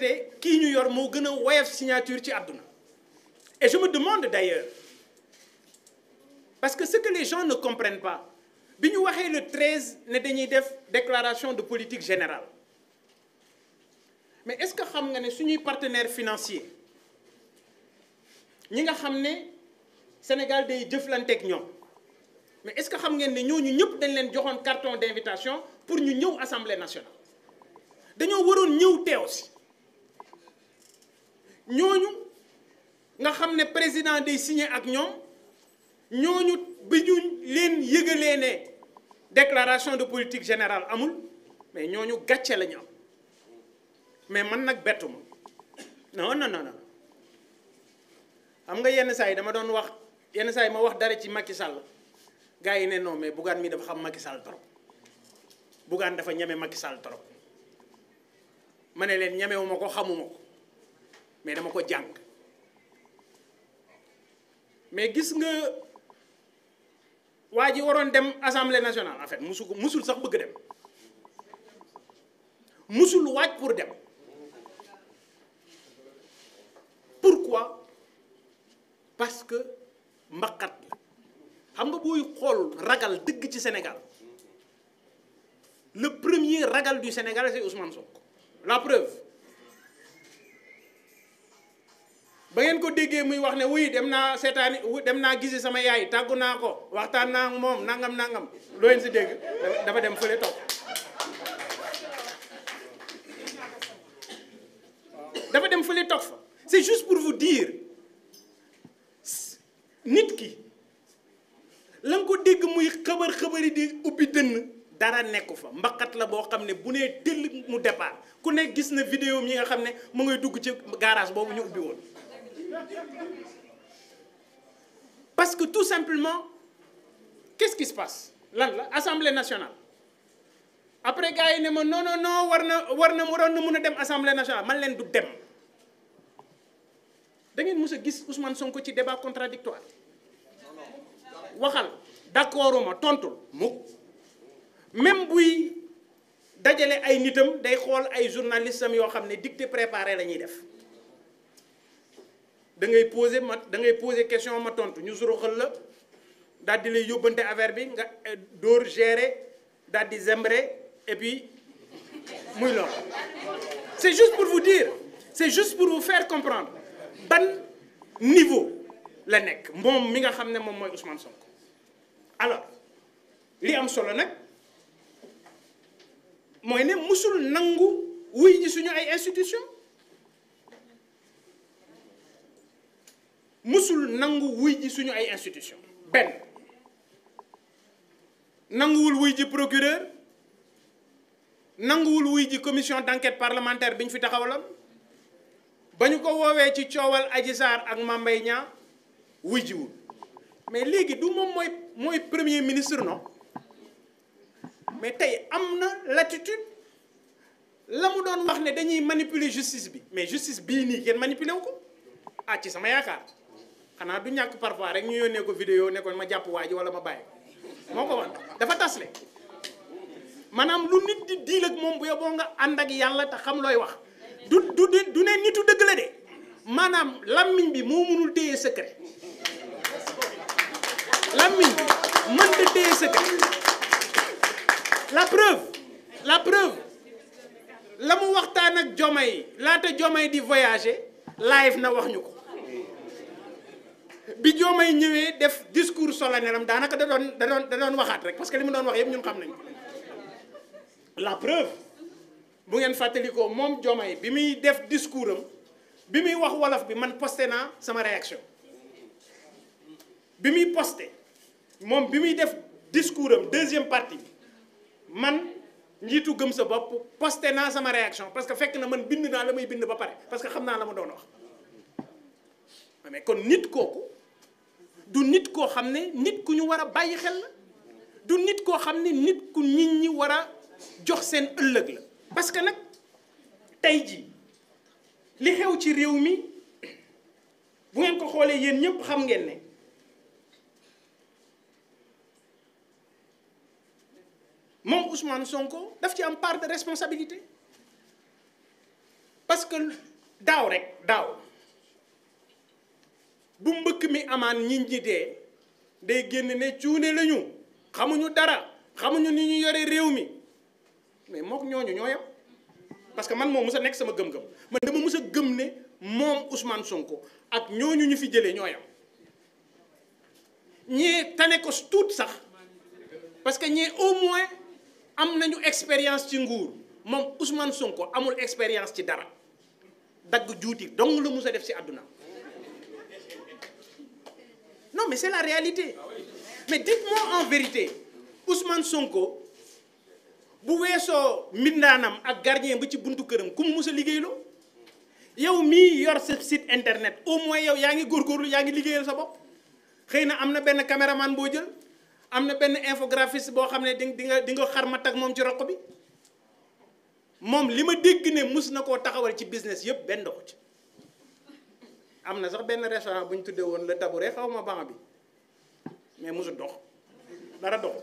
qui kii ñu yor mo signature ci aduna et je me demande d'ailleurs parce que ce que les gens ne comprennent pas on waxé le 13 né dañuy def déclaration de politique générale mais est-ce que xam nga né suñuy partenaires financiers ñi nga xam né Sénégal day ak mais est-ce que nous ngeen ne ñooñu ñëpp carton d'invitation pour ñu ñëw Assemblée nationale Nous waroon ñëw aussi ñooñu nga xam ne président day signé ak ñoom ñooñu bi ñu leen yëgalee ne déclaration de politique générale amul mais ñooñu gàcce la ñu am mais man nag bettu non non non xam nga yenn saa yi dama doon wax yenn saa yi ma wax dara ci Macky Sall gars yi ne non mais Bougane mi dafa xam Macky Sall trop Bougane dafa ñeme Macky Sall trop ma ne leen ñemewuma ko xamuma ko mais dama ko jang mais gis nga Il y dem assemblée nationale en fait musul sax dem musul pour dem pourquoi parce que mbaqat la xam nga ragal ci Sénégal le premier ragal du Sénégal c'est Ousmane Sonko la preuve ba ngeen ko déggee muy wax ne wuy dem naa seetaani dem naa gisi sama yaay tàggu naa ko waxtaan naa moom nangam nangam loo leen si dégg dafa dem fële toog dafa dem fële toog fa c'est juste pour vous dire nit ki lan ko dégg muy xëbar xëbari di ubbi dënn dara nekku fa mbaqat la boo xam ne bu nee tëll mu départ ku ne gis na vidéo mi nga xam ne mu ngay dugg ci garage boobu ñu ubbi woon Parce que tout simplement, qu'est-ce qui se passe L'Assemblée assemblée nationale après gars y ne non non non On ne war pas aller à assemblée nationale Je ne pas aller Vous a Ousmane Sonko ci débat contradictoire non d'accord ma tontul même si dajale ay nitam day ay journalistes yo xamné dicté préparé la da poser ma poser question ma tontu ñu suruxal la daal di lay yóbbante affaire bi nga eh, dóor gérer daal di zembrer et puis muy loolu c'est juste pour vous dire c'est juste pour vous faire comprendre ban niveau la nekk moom mi nga xam ne moom mooy Ousmane Sonko alors li am solo nag mooy ne musul nangu wuy ji suñu ay institution musul nangu wuy ji suñu ay institution nangu wul wuy ji procureur wul wuy ji commission d'enquête parlementaire biñ fi taxawalam ba ko wowe ci ciowal Adji Sarr ak mambay nya wuy ji wul mais légui du mom moy moy premier ministre non mais tay amna latitude lamu don wax ne dañuy manipuler justice bi mais justice bi ni ken manipuler wu ko ah ci sama xanaa du ñàkk parfois rek ñu yónnee ko vidéo ne ko ma jàpp waa ji wala ma bàyyi moo ko wan dafa tasle maanaam lu nit di diil moom bu yoboo nga ànd ak yàlla te xam looy wax du du du ne nitu dëgg la de maanaam lammiñ bi moo mënul téye secret lammiñ bi mënta téye secret la preuve la mu waxtaan ak Diomaye laata Diomaye di voyager live na wax ñu ko bi Diomaye ñëwee def discours solennel am daanaka da doon da doon da doon waxaat rek parce que li mu doon wax yëpp ñun xam nañ la preuve bu ngeen fàttalikoo moom Diomaye bi muy def discours am bi muy wax wolof bi man posté naa sama bi muy posté moom bi muy def discours am deuxième partie bi man njiitu gëm sa bopp posté naa sama réaction parce que fekk na man bind naa la may bind ba pare parce que xam naa la ma doon wax mais kon nit kooku du nit ko xamné nit ku ñu wara bayyi xel la du nit ko xamné nit ku nit ñi wara jox seen ëllëg la parce que nak tay ji li xew ci réew mi bu ngeen ko xoolee yéen ñëpp xam ngeen ne moom Ousmane Sonko daf ci am part de responsabilité parce que daaw rek daaw bu mbeuk mi amane ñit ñi dé day kamu né ciuné lañu xamuñu dara xamuñu ni ñu yoré réew mi mais mok ñoñu ñoo parce que man mo mës nek sama gëm-gëm man dama mës gëm né mom Ousmane Sonko ak ñoñu ñu fi jëlé ñoo yem ñee tane ko tout sax parce que ñi au moins am nañu expérience ci nguur mom Ousmane Sonko amul expérience ci dara dag juuti dong lu musa def si aduna Non, mais c'est la réalité. Mais dites-moi en vérité, Ousmane Sonko, voyez ce mbindaanam ak gardien avez ci vous këram vous a liggéeyloo yow mii yor le site internet au moins yow un ngi un sa na caméraman boo des infographiste des ne di nga un ci roq bi business am na sax benn restaurant bu ñu tuddee woon le tabouret xaw ma ban bi mais mosu dox dara dox